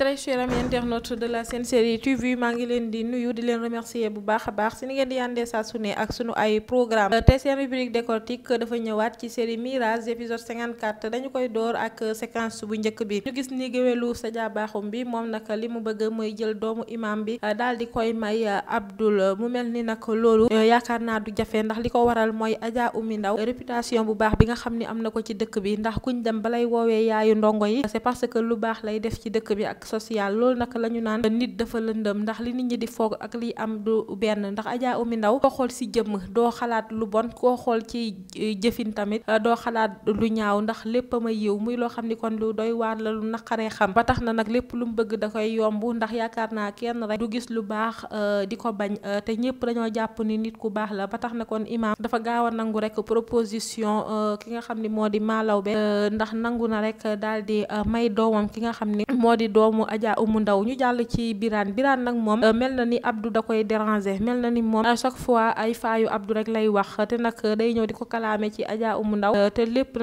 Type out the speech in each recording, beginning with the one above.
très chers amis de la Sen maa ngi leen di nuyu di leen remercier bu baax a baax si ni ngeen di yàndee saa ak sunu ay programme te seen rubrique décortique dafa ñëwaat ci série Mirage épisode 54 dañu koy door ak séquence bu njëkk bi ñu gis ni géwélu Sadia Bakhoum bi moom nag li mu bëgg mooy jël doomu imam bi daal di koy may Abdoul mu mel ni nag loolu euh, yaakaar naa du jafe ndax li ko waral mooy Adja Oumy Ndaw réputation bu baax bi nga xam ni am na ko ci dëkk bi ndax kuñ dem balay woowee yaayu ndongo yi c'est parce que lu baax lay def ci dëkk bi ak sociale loolu nag la ñu naan nit dafa lëndëm ndax li nit ñi di foog ak liy am du benn ndax Adja Oumy ndaw koo xool si jëmm doo xalaat lu bon koo xool ci jëfin tamit euh, doo xalaat lu ñaaw ndax lépp ma yiw muy loo xam ni kon lu doy waar la lu naqaree xam ba tax na nag lépp lu mu bëgg da koy yomb ndax yaakaar naa kenn rek du gis lu baax euh, di ko bañ euh, te ñëpp dañoo jàpp ni nit ku baax la ba tax na kon imaam dafa gaaw a nangu rekk proposition ki nga xam ni moo di Malaw be ndax nangu na rek doomu Adja Oumou Ndaw ñu jàll ci Birane Birane nag moom euh, mel na ni Abdou da koy mel na ni moom à chaque fois ay faayu Abdou rek lay wax te nag day ñëw di ko kalaame ci Adja Oumou Ndaw euh, te lépp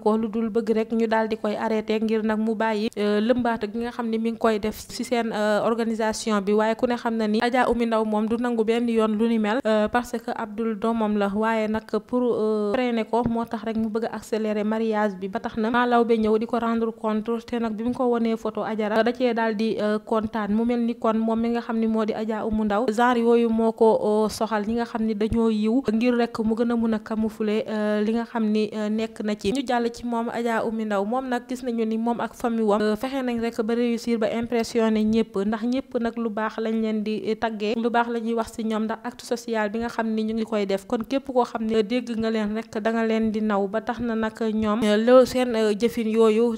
ko lu dul bëgg rek ñu daal di koy arrêté ngir nag mu bàyyi euh, lëmbaata gi nga xam ne mi ngi koy def ci seen organisation bi waaye ku ni Adja Oumou Ndaw moom du nangu benn yoon lu ni mel parce que Abdou doomam la waaye nag pour freiner ko moo tax rek mu bëgg a accélérer mariage bi ba tax na maa law ba ñëw di ko rendre compte te nag bi mu ko wonee photo Adjara da cee daal euh, kontaan mu mel ni kon moom mi nga xam ni moo di Adja Oumou Ndaw genre yooyu moo ko euh, soxal ñi nga xam ni dañoo yiw ngir rekk mu gën a mun a camoufler euh, li nga xam ni nekk na ci ñu jàll ci moom Adja Oumou Ndaw moom nag gis nañu ni moom ak famille wam fexe nañ rek ba réussir ba impressionné ñëpp ndax ñëpp nag lu baax lañ leen di taggee lu baax la ñuy wax si ñoom ndax acte social bi nga xam ni ñu ngi koy def kon képp koo xam ne dégg nga leen rek da leen di naw ba tax na nag ñoom loolu seen jëfin yooyu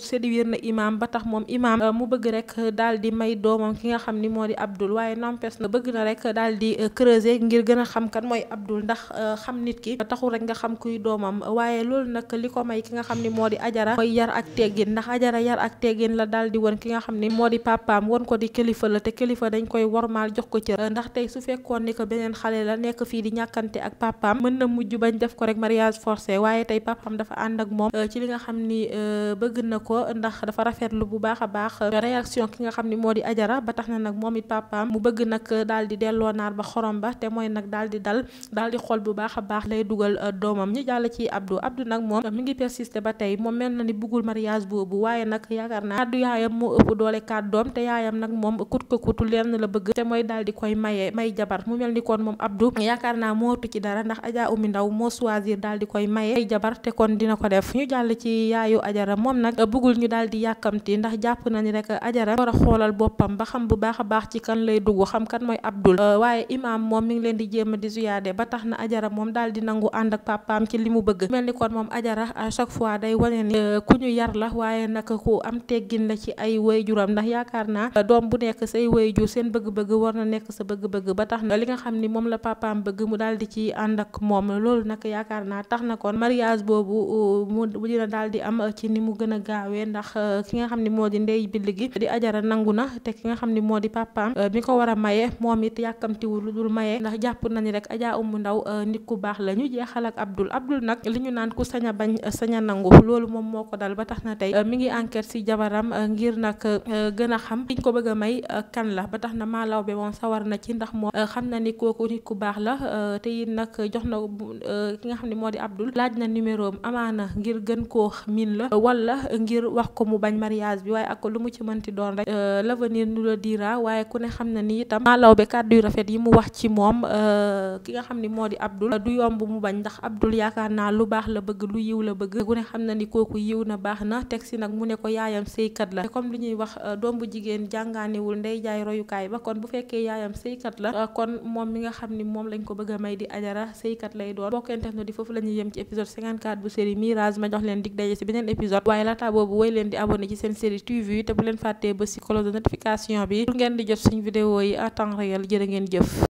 rek daal di may doomam ki nga xam ni moo di Abdoul waaye n'empêche na bëgg na rek daal di euh, creuser ngir gën a xam kan mooy Abdoul ndax euh, xam nit ki taxul rek nga xam kuy doomam waaye loolu nag li ko may ki nga xam ni moo di Ajara mooy yar ak teggin ndax Ajara yar ak teggin la daal di won ki nga xam ni moo di papaam won ko di kilifa la te kilifa dañ koy wormaal jox ko cër ndax tey su fekkoon ni ko beneen xale la nekk fii di ñàkkante ak papaam mën na mujj bañ def ko rek mariage forcé waaye tey papaam dafa ànd ak moom euh, ci li nga xam ni bëgg na ko ndax dafa a réaction ki nga xam ni moo di ajara ba tax na nag moom it papaam mu bëgg nag daal delloo naar ba xorom ba te mooy nag daal di dal daal di xool bu baax a baax lay dugal euh, doomam ñu jàll ci Abdou Abdou nag moom mi ngi persister ba tey na ni bëggul mariage la bëgg te mooy daal di koy maye may jabar mu mel ni kon moom Abdou yaakaar naa mootu ci dara ndax Adja Oumy Ndaw moo choisir daal di koy maye ay jabar te kon dina ko def ñu jàll ci yaayu ajara moom nag bëggul ñu daal di yàkkamti ndax jàpp na ni rek ajara war a xoolal boppam ba xam bu baax a baax ci kan lay dugg xam kan mooy Abdul euh, waaye imaam moom mi ngi leen di jéem a di zuyaade ba tax na ajara moom daal di nangu ànd ak papaam ci li mu bëgg mel ni kon moom ajara à chaque fois day wane ni euh, ku ñu yar la waaye nag ku am teggin la ci ay waajuram ndax yaakaar naa euh, doom bu nekk say waajur seen bëgg-bëgg war na nekk sa bëgg-bëgg ba tax na li nga xam ni moom la papaam bëgg mu daal di ci ànd ak moom loolu nag yaakaar naa tax na kon mariage boobu mu dina daal di am ci ni mu gën a gaawee ndax ki nga xam di ajara nangu na te ki nga xam ni moo di papaam mi euh, ko war a maye moom it yàkkamtiwul lu dul maye ndax jàpp nañu rek ajaa umu ndaw euh, nit ku baax la ñu jeexal ak abdul abdul nag li ñu naan ku sañ bañ euh, sañ a loolu moom moo ko dal ba tax na tey mi ngi enquête si jabaram ngir nag gën a xam kiñ ko bëgg a may kan la ba tax na maalaw be moom sawar na ci ndax moom xam na ni kooku nit ku baax la te it nag jox na ki nga xam ne moo di abdul laaj na numéro am amaana ngir gën koo miin la wala ngir wax ko mu bañ mariage bi waaye ak lu mu ci mënti mënti doon rek euh, l'avenir nous le dira waaye ku ne xam na ni itam Maalawbe kàddu yu rafet yi mu wax ci moom euh, ki nga xam ni moo di Abdoul du yomb mu bañ ndax Abdoul yaakaar naa lu baax la bëgg lu yiw la bëgg ku ne xam na ni kooku yiw na baax na teg si nag mu ne yaayam sëykat la comme li ñuy wax euh, doom bu jigéen jàngaanewul ndey jaay royukaay ba kon bu fekkee yaayam sëykat la kon moom mi nga xam ni moom lañ ko bëgg may di ajara sëykat lay doon bokk internet di foofu la ñuy yem ci épisode 54 bu série Mirage ma jox leen dig daje si beneen épisode waaye laata boobu woy leen di abonné ci seen série TV te bu leen fàtte te ba si de notification bi pour ngeen di jot suñ vidéo yi à temps réel jërë ngeen jëf